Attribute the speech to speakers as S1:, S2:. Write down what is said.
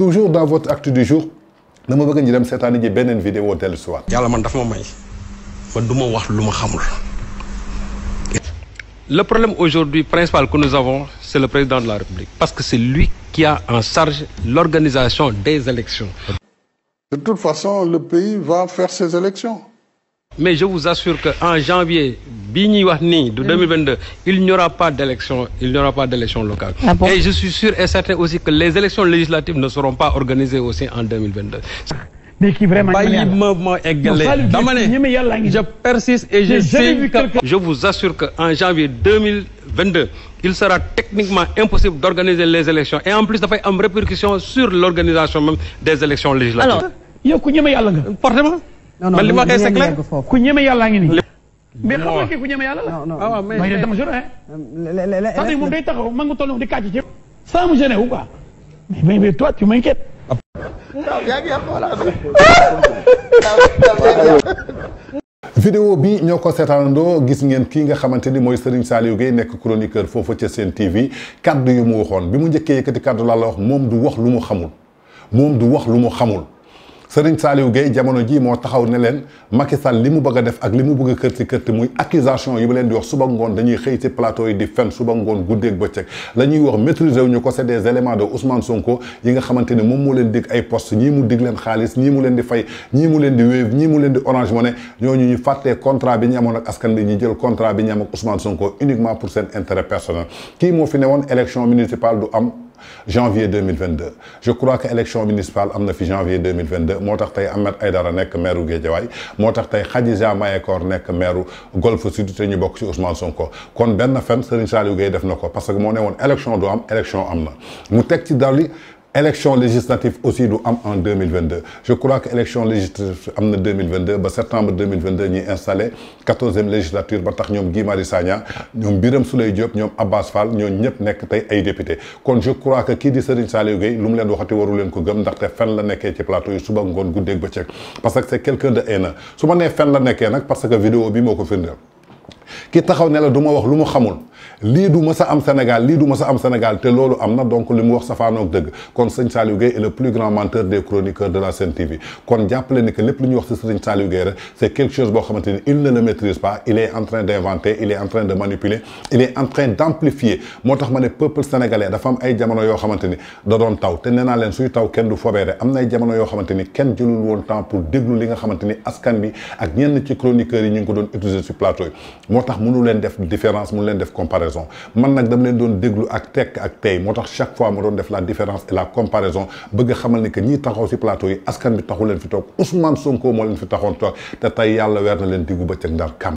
S1: toujours dans votre acte du jour dama que dem une vidéo si je ne pas
S2: Le problème aujourd'hui principal que nous avons, c'est le président de la République. Parce que c'est lui qui a en charge l'organisation
S1: des élections. De toute façon, le pays va faire ses élections
S2: mais je vous assure qu'en janvier, 2022, mm. il n'y aura pas d'élection, il n'y aura pas d'élection locale. Ah et je suis sûr et certain aussi que les élections législatives ne seront pas organisées aussi en 2022. Mais qui vraiment Je persiste et je Je vous assure qu'en janvier 2022, il sera techniquement impossible d'organiser les élections. Et en plus, ça fait une répercussion sur l'organisation même des élections législatives. Alors, man li ma waxee c'est clair ku ñeme yàlla ngi mais ada nga ku ñeme yàlla la ah, waaw mais mais dama hein ça euh, moom day taxaw ma nga tollu di kàcc ci ça me gêne ou quoi mais mais toi tu m'inquiètes
S1: vidéo bi ñoo ko gis ngeen TV kaddu yu mu bi mu kaddu la wax du Serigne Saliou Gueye jamono ji mo taxaw ne len Macky Sall limu bëgg def ak limu bëgg kër ci kër si muy accusation yi ma leen di wax suba ngone dañuy xey si plateau yi di fen suba ngone guddeeg ak bëcëk lañuy wax maîtriser wu ko c'est des éléments de Ousmane Sonko yi nga xamante ne moom moo leen dig ay poste ñi mu dig leen xaalis ñi mu leen di fay ñi mu leen di Wave ñi mu leen di Orange moné ñoñu ñu faté contrat bi ñu amon ak askan bi ñu jël contrat bi ñu am ak Ousmane Sonko uniquement pour seen intérêt personnel ki mo fi néwon élection municipale du am janvier 2022 je crois que l'élection municipale en janvier 2022 Je crois Ahmed municipale maire janvier 2022. Je Khadija l'élection municipale maire Golf Sud te ñu crois ci Ousmane Sonko kon parce que l'élection élection am élection élection législative aussi am en 2022 je crois que élection législative en 2022 ba septembre 2022 ñuy installé 14e législature ba tax ñom Guy Mari Sagna ñom Birame souley Diop Abbas Fall ñoo ñep nek tey ay député kon je crois que ki di Serigne Saliou Gueye lum leen waxati waru leen ko gëm té fenn la nekkee ci plateau yi suba ngoon ak bëcëk parce que c'est quelqu'un de haineux su ma nee fen la nekkee nak parce que vidéo bi moko ko ki taxaw ne la duma wax lu xamul li du ma sa am Sénégal li du ma sa am Sénégal te lolu amna donc limu mu wax safaanoog deug kon seigne Saliou Gueye est le plus grand menteur des chroniqueurs de la Sen TV kon jàppale que lepp luñu wax si seigne Saliou Gueye c'est quelque chose bo xamante il ne le maîtrise pas il est en train d'inventer il est en train de manipuler il est en train d'amplifier motax mané peuple sénégalais dafa am ay jamono yo xamante da doon taw te nee naa taw kenn du fobeere am na ay jamono yo xamante kenn jëlul won temps pour déglu li nga xamante askan bi ak ñenn ci chroniqueurs yi ñu ko doon utiliser ci plateau yi motax tax mënu leen def différence mënu leen def comparaison man nak dama leen doon déglu ak tek ak tay motax chaque fois ma doon def la différence et la comparaison bëgg xamal ni que ñiy taxaw ci plateau yi askan bi taxu leen fi tok Ousmane Sonko mo leen fi taxoon tok te tay yalla weer na leen diggu bëccëg ndar kam